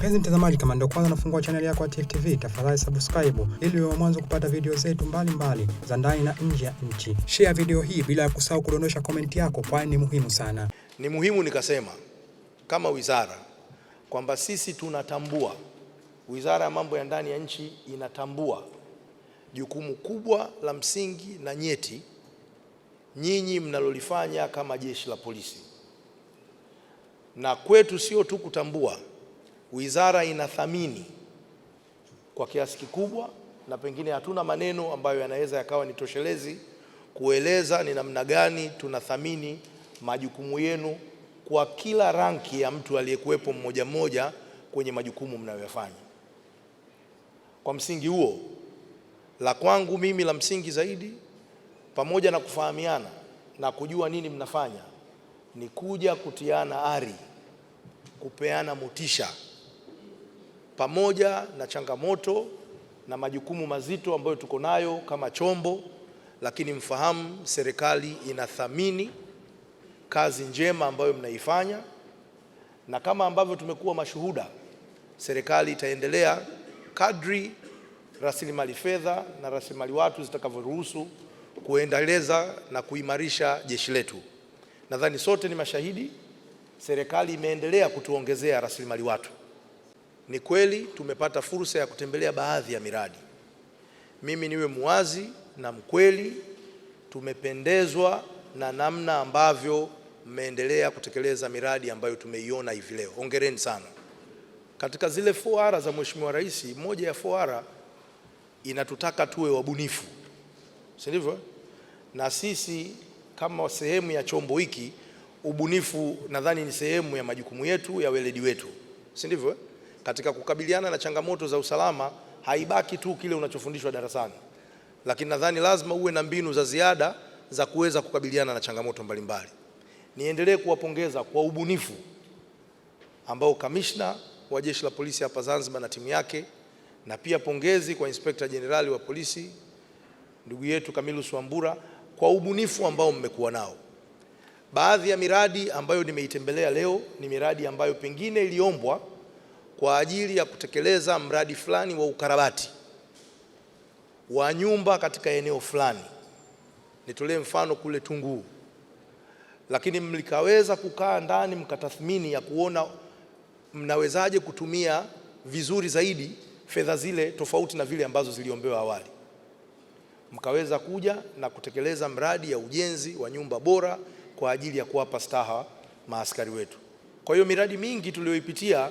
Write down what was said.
Mpenzi mtazamaji, kama ndio kwanza nafungua chaneli yako ya Tifu TV, tafadhali subscribe ili uwe mwanzo kupata video zetu mbalimbali za ndani na nje ya nchi. Share video hii bila ya kusahau kudondosha komenti yako, kwani ni muhimu sana. Ni muhimu nikasema kama wizara kwamba sisi tunatambua, wizara ya mambo ya ndani ya nchi inatambua jukumu kubwa la msingi na nyeti nyinyi mnalolifanya kama jeshi la polisi, na kwetu sio tu kutambua Wizara inathamini kwa kiasi kikubwa, na pengine hatuna maneno ambayo yanaweza yakawa ni toshelezi kueleza ni namna gani tunathamini majukumu yenu kwa kila ranki ya mtu aliyekuwepo mmoja mmoja kwenye majukumu mnayoyafanya. Kwa msingi huo, la kwangu mimi la msingi zaidi, pamoja na kufahamiana na kujua nini mnafanya, ni kuja kutiana ari, kupeana motisha pamoja na changamoto na majukumu mazito ambayo tuko nayo kama chombo, lakini mfahamu serikali inathamini kazi njema ambayo mnaifanya, na kama ambavyo tumekuwa mashuhuda, serikali itaendelea kadri rasilimali fedha na rasilimali watu zitakavyoruhusu kuendeleza na kuimarisha jeshi letu. Nadhani sote ni mashahidi, serikali imeendelea kutuongezea rasilimali watu. Ni kweli tumepata fursa ya kutembelea baadhi ya miradi. Mimi niwe muwazi na mkweli, tumependezwa na namna ambavyo mmeendelea kutekeleza miradi ambayo tumeiona hivi leo. Hongereni sana. Katika zile 4R za Mheshimiwa Rais, moja ya 4R inatutaka tuwe wabunifu, si ndivyo? Na sisi kama sehemu ya chombo hiki, ubunifu nadhani ni sehemu ya majukumu yetu ya weledi wetu, si ndivyo? katika kukabiliana na changamoto za usalama haibaki tu kile unachofundishwa darasani, lakini nadhani lazima uwe na mbinu za ziada za kuweza kukabiliana na changamoto mbalimbali. Niendelee kuwapongeza kwa ubunifu ambao kamishna wa jeshi la polisi hapa Zanzibar na timu yake, na pia pongezi kwa inspekta jenerali wa polisi ndugu yetu kamilus Wambura kwa ubunifu ambao mmekuwa nao. Baadhi ya miradi ambayo nimeitembelea leo ni miradi ambayo pengine iliombwa kwa ajili ya kutekeleza mradi fulani wa ukarabati wa nyumba katika eneo fulani, nitolee mfano kule Tunguu, lakini mlikaweza kukaa ndani mkatathmini ya kuona mnawezaje kutumia vizuri zaidi fedha zile tofauti na vile ambazo ziliombewa awali, mkaweza kuja na kutekeleza mradi ya ujenzi wa nyumba bora kwa ajili ya kuwapa staha maaskari wetu. Kwa hiyo miradi mingi tuliyoipitia